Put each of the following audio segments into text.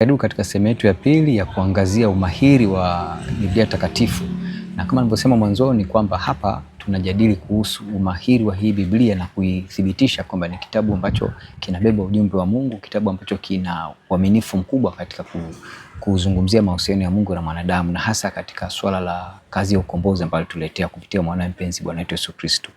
Karibu katika sehemu yetu ya pili ya kuangazia umahiri wa Biblia Takatifu, na kama nilivyosema mwanzoni kwamba hapa tunajadili kuhusu umahiri wa hii Biblia na kuithibitisha kwamba ni kitabu ambacho kinabeba ujumbe wa Mungu, kitabu ambacho kina uaminifu mkubwa katika kuzungumzia mahusiano ya Mungu na mwanadamu, na hasa katika swala la kazi ya ukombozi ambayo tuletea kupitia mwana mpenzi Bwana wetu Yesu Kristo.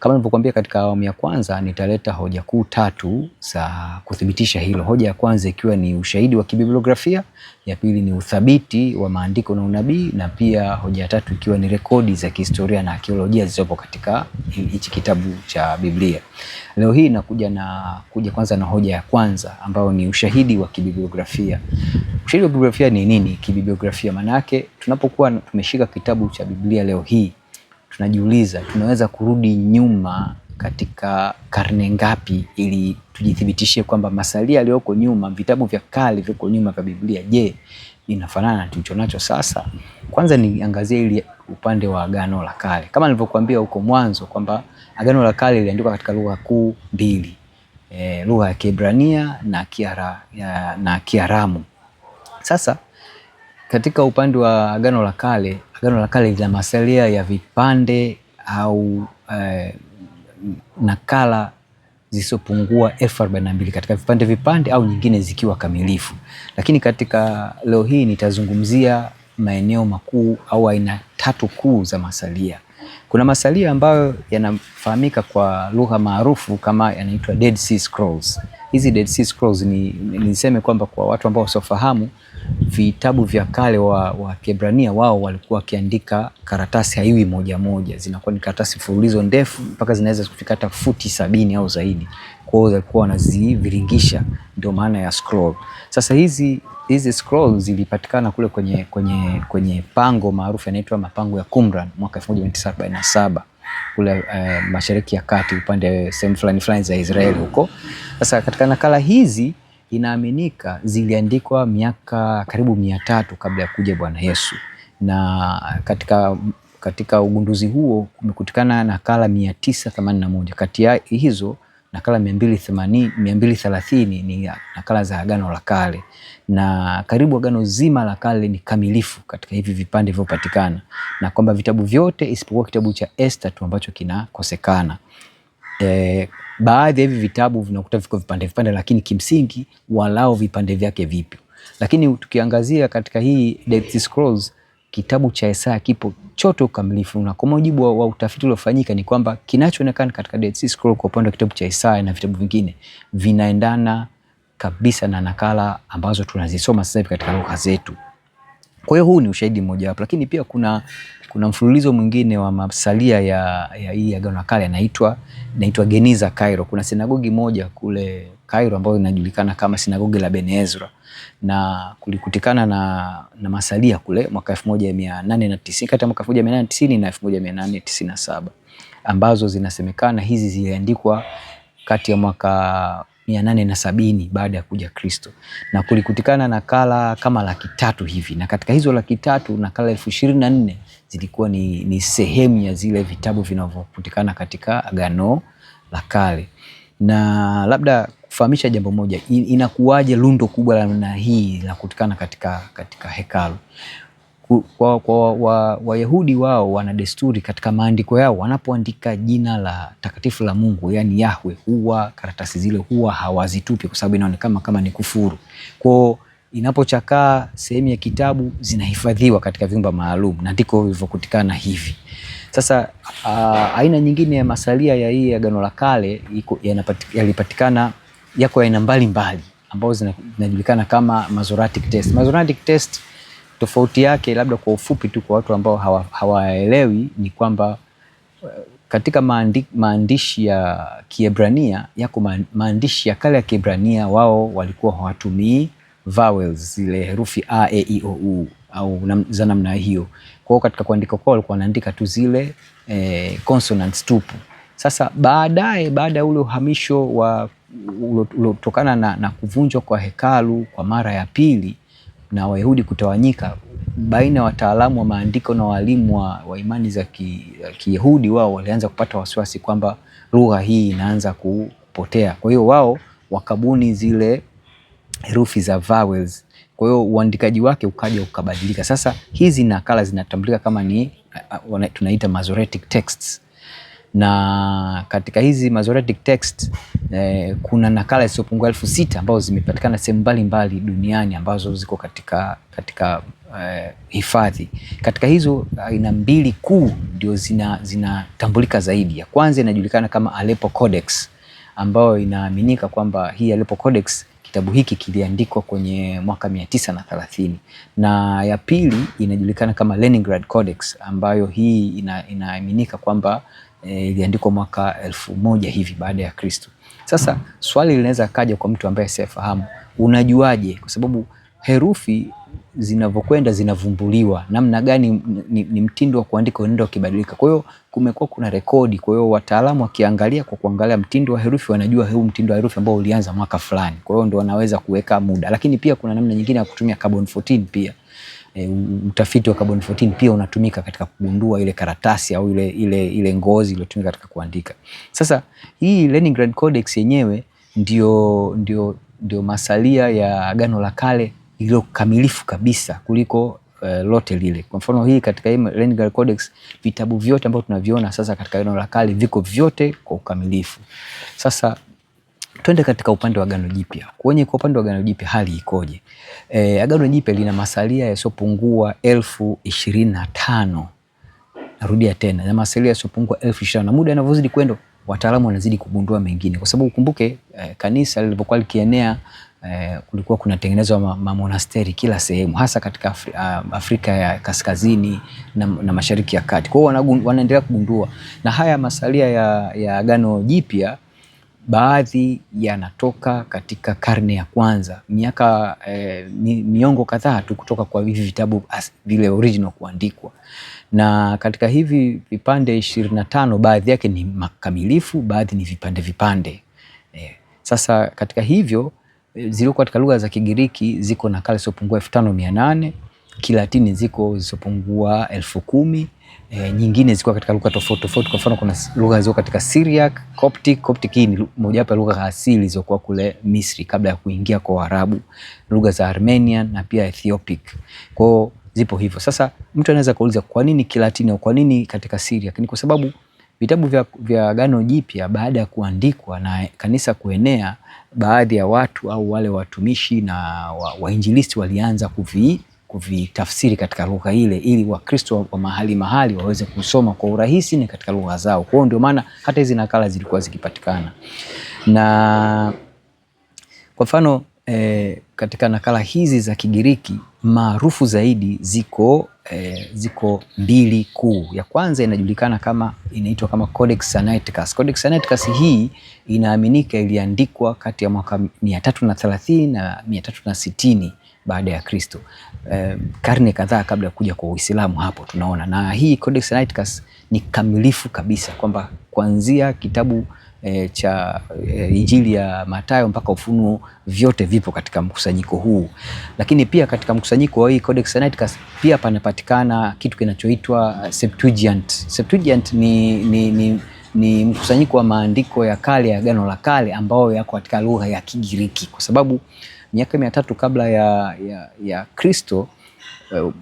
Kama nilivyokuambia katika awamu ya kwanza, nitaleta hoja kuu tatu za kuthibitisha hilo. Hoja ya kwanza ikiwa ni ushahidi wa kibibliografia, ya pili ni uthabiti wa maandiko na unabii, na pia hoja ya tatu ikiwa ni rekodi za kihistoria na arkeolojia zilizopo katika hichi kitabu cha Biblia. Leo hii nakuja na kuja kwanza na hoja ya kwanza ambayo ni ushahidi wa kibibliografia. Ushahidi wa kibibliografia ni nini? Kibibliografia maana yake tunapokuwa tumeshika kitabu kitabu cha Biblia leo hii, tunajiuliza tunaweza kurudi nyuma katika karne ngapi ili tujithibitishe kwamba masalia yaliyoko nyuma, vitabu vya kale vyoko nyuma vya Biblia, je, inafanana na nacho sasa? Kwanza niangazie ili upande wa Agano la Kale, kama nilivyokuambia huko mwanzo kwamba Agano la Kale liliandikwa katika lugha kuu mbili, e, lugha ya Kiebrania na Kiara, na Kiaramu. Sasa katika upande wa Agano la Kale Agano la Kale lina masalia ya vipande au eh, nakala zisizopungua elfu arobaini na mbili katika vipande vipande au nyingine zikiwa kamilifu, lakini katika leo hii nitazungumzia maeneo makuu au aina tatu kuu za masalia. Kuna masalia ambayo yanafahamika kwa lugha maarufu kama yanaitwa Dead Sea Scrolls. Hizi Dead Sea Scrolls ni niseme kwamba kwa watu ambao wasiofahamu vitabu vya kale wa, wa Kiebrania wao walikuwa wakiandika karatasi haiwi moja moja, zinakuwa ni karatasi mfululizo ndefu mpaka zinaweza kufika hata futi sabini au zaidi. Kwa hiyo walikuwa wanaziviringisha, ndio maana ya scroll. Sasa hizi hizi scroll zilipatikana kule kwenye, kwenye, kwenye pango maarufu yanaitwa mapango ya Qumran mwaka 1947 kule uh, Mashariki ya Kati, upande sehemu fulani fulani za Israeli huko. Sasa katika nakala hizi inaaminika ziliandikwa miaka karibu mia tatu kabla ya kuja Bwana Yesu, na katika katika ugunduzi huo kumekutikana nakala mia moja Kati ya hizo nakala mia mbili thelathini ni nakala za Agano la Kale, na karibu Agano zima la Kale ni kamilifu katika hivi vipande vilivyopatikana, na kwamba vitabu vyote isipokuwa kitabu cha Esta tu ambacho kinakosekana. E, baadhi ya hivi vitabu vinakuta viko vipande vipande, lakini kimsingi walao vipande vyake vipi. Lakini tukiangazia katika hii Death Scrolls, kitabu cha Isaya kipo chote ukamilifu, na kwa mujibu wa, wa utafiti uliofanyika ni kwamba kinachoonekana katika Dead Scroll kwa upande wa kitabu cha Isaya na vitabu vingine vinaendana kabisa na nakala ambazo tunazisoma sasa hivi katika lugha zetu. Kwa hiyo huu ni ushahidi mmoja wapo, lakini pia kuna kuna mfululizo mwingine wa masalia ya hii Agano la Kale yanaitwa naitwa Geniza Cairo. Kuna sinagogi moja kule Cairo ambayo inajulikana kama sinagogi la Ben Ezra na kulikutikana na, na masalia kule mwaka 1890 kati ya mwaka 1890 na 1897 ambazo zinasemekana hizi ziliandikwa kati ya mwaka mia nane na sabini baada ya kuja Kristo, na kulikutikana nakala kama laki tatu hivi, na katika hizo laki tatu nakala elfu ishirini na nne zilikuwa ni, ni sehemu ya zile vitabu vinavyopatikana katika Agano la Kale. Na labda kufahamisha jambo moja, inakuwaje lundo kubwa la namna hii kutikana katika, katika hekalu? Kwa, kwa Wayahudi wa wao wana desturi katika maandiko yao, wanapoandika jina la takatifu la Mungu yani Yahwe, huwa karatasi zile huwa hawazitupi kwa sababu inaonekana kama ni kufuru kwao inapochakaa sehemu ya kitabu zinahifadhiwa katika vyumba maalum na ndiko vilivyokutikana hivi sasa. Uh, aina nyingine ya masalia ya hii Agano la Kale yalipatikana yako aina mbalimbali ambazo zinajulikana kama Masoretic test. Masoretic test tofauti yake labda kwa ufupi tu kwa watu ambao hawaelewi hawa ni kwamba e, katika maandi, maandishi ya Kiebrania yako maandishi ya kale ya Kiebrania wao walikuwa hawatumii vowels zile herufi a e i o u au nam, za namna hiyo. Kwa hiyo katika kuandika kwao walikuwa wanaandika tu zile e, consonants tupu. Sasa baadaye, baada ya ule uhamisho wa uliotokana na, na kuvunjwa kwa hekalu kwa mara ya pili na Wayahudi kutawanyika baina ya wataalamu wa maandiko na waalimu wa, wa imani za Kiyahudi ki wao walianza kupata wasiwasi kwamba lugha hii inaanza kupotea. Kwa hiyo wao wakabuni zile herufi za vowels. Kwa hiyo uandikaji wake ukaja ukabadilika. Sasa hizi nakala zinatambulika kama ni tunaita Masoretic texts, na katika hizi Masoretic text eh, kuna nakala zisizopungua elfu sita ambazo zimepatikana sehemu mbalimbali duniani ambazo ziko katika katika eh, hifadhi. Katika hizo aina mbili kuu ndio zinatambulika zina zaidi. Ya kwanza inajulikana kama Aleppo Codex ambayo inaaminika kwamba hii Aleppo Codex Kitabu hiki kiliandikwa kwenye mwaka mia tisa na thelathini na ya pili inajulikana kama Leningrad Codex ambayo hii ina, inaaminika kwamba e, iliandikwa mwaka elfu moja hivi baada ya Kristo. Sasa swali linaweza kaja kwa mtu ambaye asiyefahamu, unajuaje? Kwa sababu herufi zinavyokwenda zinavumbuliwa, namna gani ni, ni mtindo wa kuandika unaenda ukibadilika. Kwa hiyo kumekuwa kuna rekodi, kwa hiyo wataalamu wakiangalia kwa kuangalia mtindo wa herufi wanajua huu mtindo wa herufi ambao ulianza mwaka fulani, kwa hiyo ndio wanaweza kuweka muda. Lakini pia kuna namna nyingine ya kutumia carbon 14 pia E, utafiti wa carbon 14 pia unatumika katika kugundua ile karatasi au ile, ile, ile ngozi iliyotumika katika kuandika. Sasa hii Leningrad Codex yenyewe ndio, ndio, ndio masalia ya Agano la Kale iliyo kamilifu kabisa kuliko Uh, lote lile. Kwa mfano hii katika hii Legal Codex vitabu vyote ambavyo tunaviona sasa katika Agano la Kale viko vyote kwa ukamilifu. Sasa twende katika upande wa Agano Jipya. Kwenye kwa upande wa Agano Jipya hali ikoje? E, Agano Jipya lina masalia yasiyopungua elfu ishirini na tano. Narudia tena, na masalia yasiyopungua elfu ishirini na muda anavyozidi kwenda wataalamu wanazidi kugundua mengine, kwa sababu ukumbuke eh, kanisa lilipokuwa likienea eh, kulikuwa kunatengenezwa mamonasteri kila sehemu, hasa katika Afri, ah, Afrika ya kaskazini na, na mashariki ya kati. Kwa hiyo wanaendelea kugundua, na haya masalia ya, ya Agano Jipya baadhi yanatoka katika karne ya kwanza miaka eh, miongo kadhaa tu kutoka kwa hivi vitabu vile original kuandikwa, na katika hivi vipande ishirini na tano baadhi yake ni makamilifu, baadhi ni vipande vipande eh. Sasa katika hivyo zilizo katika lugha za Kigiriki ziko nakala zisizopungua elfu tano mia nane Kilatini ziko zisizopungua elfu kumi E, nyingine ziko katika lugha tofauti tofauti. Kwa mfano kuna lugha zilizo katika Syriac, Coptic. Coptic hii ni moja ya lugha asili zilizokuwa kule Misri kabla ya kuingia kwa Waarabu, lugha za Armenian na pia Ethiopic. Kwao zipo hivyo. Sasa mtu anaweza kuuliza kwa nini Kilatini au kwa nini katika Syriac? Ni kwa sababu Vitabu vya, vya Agano Jipya baada ya kuandikwa na kanisa kuenea, baadhi ya watu au wale watumishi na wainjilisti wa walianza kuvi kuvitafsiri katika lugha ile ili Wakristo wa mahali mahali waweze kusoma kwa urahisi ni katika lugha zao. Kwa hiyo ndio maana hata hizi nakala zilikuwa zikipatikana. Na kwa mfano e, katika nakala hizi za Kigiriki maarufu zaidi ziko eh, ziko mbili kuu. Ya kwanza inajulikana kama inaitwa kama Codex Sinaiticus. Codex Sinaiticus hii inaaminika iliandikwa kati ya mwaka 330 na 360 baada ya Kristo, eh, karne kadhaa kabla ya kuja kwa Uislamu. Hapo tunaona na hii Codex Sinaiticus ni kamilifu kabisa kwamba kuanzia kitabu e, cha e, Injili ya Mathayo mpaka Ufunuo vyote vipo katika mkusanyiko huu, lakini pia katika mkusanyiko wa hii Codex Sinaiticus pia panapatikana kitu kinachoitwa uh, Septuagint. Septuagint ni, ni, ni, ni mkusanyiko wa maandiko ya kale ya Agano la Kale ambayo yako katika lugha ya Kigiriki kwa sababu miaka mia tatu kabla ya, ya, ya Kristo uh,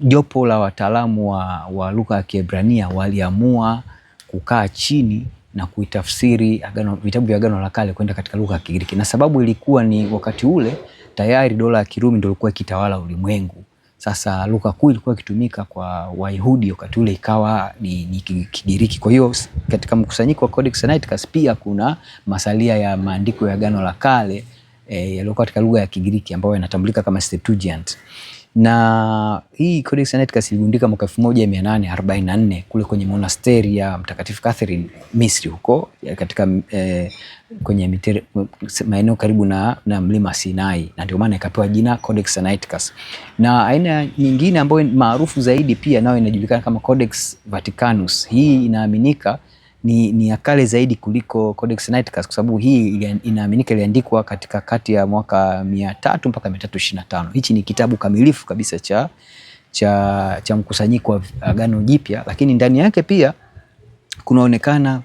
jopo la wataalamu wa, wa lugha ya Kiebrania waliamua kukaa chini na kuitafsiri agano, vitabu vya Agano la Kale kwenda katika lugha ya Kigiriki, na sababu ilikuwa ni wakati ule tayari dola ya Kirumi ndio ilikuwa ikitawala ulimwengu. Sasa lugha kuu ilikuwa ikitumika kwa Wayahudi wakati ule ikawa ni, ni Kigiriki. Kwa hiyo katika mkusanyiko wa Codex Sinaiticus pia kuna masalia ya maandiko ya Agano la Kale eh, yaliyokuwa katika lugha ya Kigiriki ambayo yanatambulika kama Septuagint na hii Codex Sinaiticus iligundika mwaka 1844 kule kwenye monasteri ya Mtakatifu Catherine Misri huko katika eh, kwenye maeneo karibu na, na mlima Sinai na ndio maana ikapewa jina Codex Sinaiticus. Na aina nyingine ambayo maarufu zaidi pia nayo inajulikana kama Codex Vaticanus. Hii inaaminika ni, ni ya kale zaidi kuliko Codex Sinaiticus kwa sababu hii inaaminika iliandikwa katika kati ya mwaka mia tatu mpaka mia tatu ishirini na tano. Hichi ni kitabu kamilifu kabisa cha, cha, cha mkusanyiko wa Agano Jipya, lakini ndani yake pia kunaonekana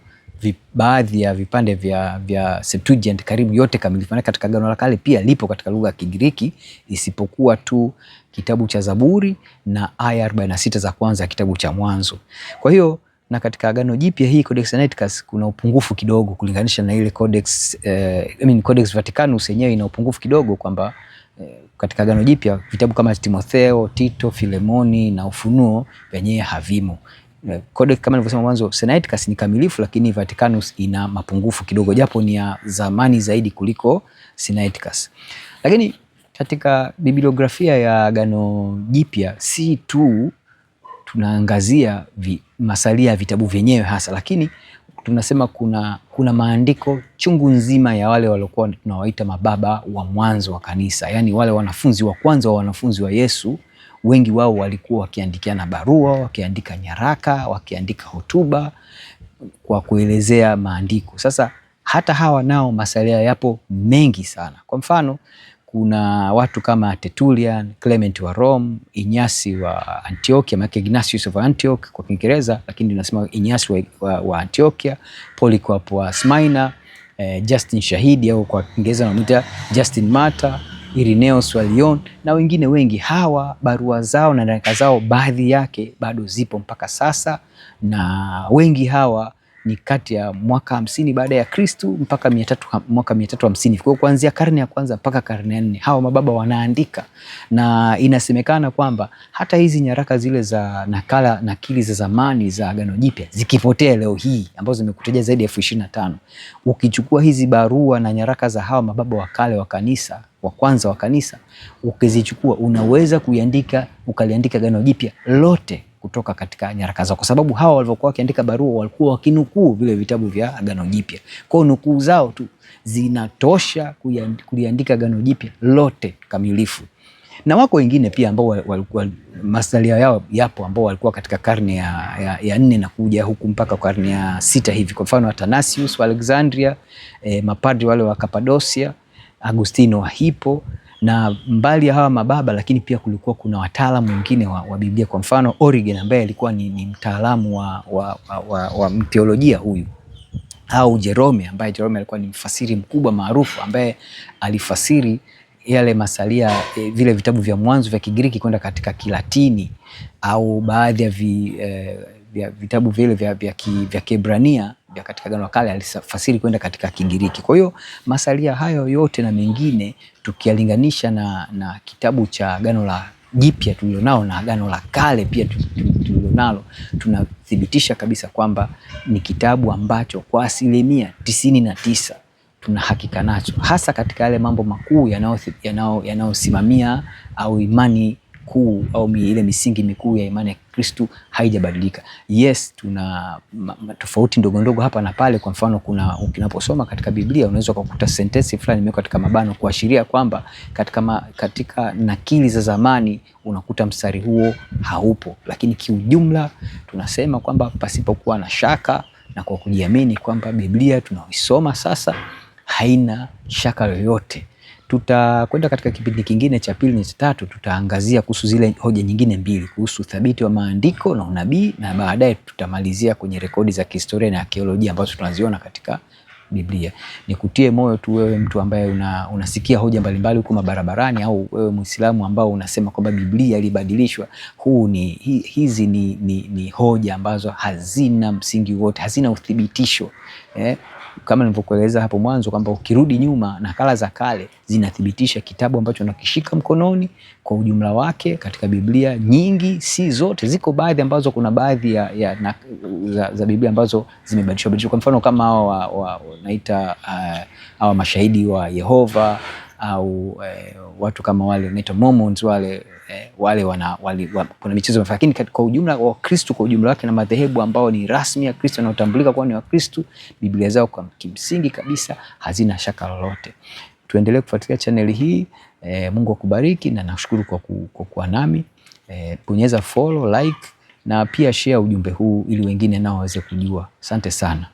baadhi ya vipande vya, vya Septuagint karibu yote kamilifu. Maana katika Agano la Kale pia lipo katika lugha ya Kigiriki isipokuwa tu kitabu cha Zaburi na aya 46 za kwanza ya kitabu cha Mwanzo. Kwa hiyo na katika Agano Jipya hii Codex Sinaiticus kuna upungufu kidogo kulinganisha na ile Codex, eh, I mean Codex Vaticanus yenyewe ina upungufu kidogo kwamba eh, katika Agano Jipya vitabu kama Timotheo, Tito, Filemoni na Ufunuo vyenyewe havimo. Eh, Codex kama nilivyosema mwanzo, Sinaiticus ni kamilifu, lakini Vaticanus ina mapungufu kidogo, japo ni ya zamani zaidi kuliko Sinaiticus. Lakini katika bibliografia ya Agano Jipya si tu tunaangazia vi, masalia ya vitabu vyenyewe hasa, lakini tunasema kuna, kuna maandiko chungu nzima ya wale waliokuwa tunawaita mababa wa mwanzo wa kanisa, yaani wale wanafunzi wa kwanza wa wanafunzi wa Yesu. Wengi wao walikuwa wakiandikiana barua, wakiandika nyaraka, wakiandika hotuba kwa kuelezea maandiko. Sasa hata hawa nao masalia yapo mengi sana. Kwa mfano kuna watu kama Tertullian, Clement wa Rome, Inyasi wa Antiochia, maana Ignatius of Antioch kwa Kiingereza, lakini tunasema Inyasi wa, wa, wa Antiochia, Polycarp wa Smyrna, eh, Justin Shahidi au kwa Kiingereza wanamuita Justin Martyr, Irenaeus wa Lyon na wengine wengi. Hawa barua zao na nyaraka zao baadhi yake bado zipo mpaka sasa, na wengi hawa ni kati ya mwaka hamsini baada ya kristu mpaka miatatu, mwaka mia tatu hamsini. Kwa hiyo kuanzia karne ya kwanza mpaka karne ya nne hawa mababa wanaandika, na inasemekana kwamba hata hizi nyaraka zile za nakala nakili za zamani za Agano Jipya zikipotea leo hii ambazo zimekutajia zaidi ya elfu ishirini na tano ukichukua hizi barua na nyaraka za hawa mababa wa kale wa kanisa wa kwanza wa kanisa ukizichukua, unaweza kuiandika ukaliandika Agano Jipya lote kutoka katika nyaraka zao, kwa sababu hawa walivyokuwa wakiandika barua walikuwa wakinukuu vile vitabu vya Agano Jipya. Kwa hiyo nukuu zao tu zinatosha kuliandika Agano Jipya lote kamilifu, na wako wengine pia ambao masalia yao yapo ambao walikuwa katika karne ya, ya, ya nne na kuja huku mpaka karne ya sita hivi. Kwa mfano Athanasius wa Alexandria, eh, mapadri wale wa Kapadosia, Agustino wa Hippo na mbali ya hawa mababa, lakini pia kulikuwa kuna wataalamu wengine wa, wa Biblia. Kwa mfano Origen ambaye alikuwa ni, ni mtaalamu wa, wa, wa, wa, wa mtheolojia huyu au Jerome ambaye Jerome alikuwa ni mfasiri mkubwa maarufu ambaye alifasiri yale masalia e, vile vitabu vya mwanzo vya Kigiriki kwenda katika Kilatini au baadhi ya vi, e, vya, vitabu vile vya, vya Kiebrania ya katika Agano la Kale alifasiri kwenda katika Kigiriki. Kwa hiyo masalia hayo yote na mengine tukiyalinganisha na, na kitabu cha Agano la Jipya tulilonao na Agano la Kale pia tulilonalo tunathibitisha kabisa kwamba ni kitabu ambacho kwa asilimia tisini na tisa tunahakika nacho hasa katika yale mambo makuu yanayosimamia ya ya au imani kuu au ile misingi mikuu ya imani ya Kristo haijabadilika. Yes, tuna tofauti ndogo ndogo hapa na pale. Kwa mfano, kuna unaposoma katika Biblia unaweza kukuta sentensi fulani imewekwa katika mabano kuashiria kwamba katika, ma, katika nakili za zamani unakuta mstari huo haupo, lakini kiujumla tunasema kwamba pasipokuwa na shaka na kwa kujiamini kwamba Biblia tunaoisoma sasa haina shaka yoyote Tutakwenda katika kipindi kingine cha pili na cha tatu, tutaangazia kuhusu zile hoja nyingine mbili kuhusu uthabiti wa maandiko na unabii, na baadaye tutamalizia kwenye rekodi za kihistoria na akiolojia ambazo tunaziona katika Biblia. ni kutie moyo tu wewe mtu ambaye una, unasikia hoja mbalimbali huko mabarabarani au wewe Muislamu ambao unasema kwamba Biblia ilibadilishwa. Huu ni, hizi ni, ni, ni hoja ambazo hazina msingi wote, hazina uthibitisho eh kama nilivyokueleza hapo mwanzo kwamba ukirudi nyuma nakala za kale zinathibitisha kitabu ambacho nakishika mkononi kwa ujumla wake katika Biblia nyingi, si zote, ziko baadhi ambazo kuna baadhi ya, ya na, za, za Biblia ambazo zimebadilishwa badilishwa, kwa mfano kama hawa naita uh, hawa mashahidi wa Yehova au eh, watu kama wale wanaitwa Mormons wale eh, wale wana wale, wa, kuna michezo lakini kwa ujumla wakristu kwa ujumla wake na madhehebu ambao ni rasmi ya Kristo wanaotambulika kuwa ni Wakristo, Biblia zao kwa kimsingi kabisa hazina shaka lolote. Tuendelee kufuatilia chaneli hii eh, Mungu akubariki na nashukuru kwa, ku, kwa kuwa nami eh, bonyeza follow, like na pia share ujumbe huu ili wengine nao waweze kujua. Asante sana.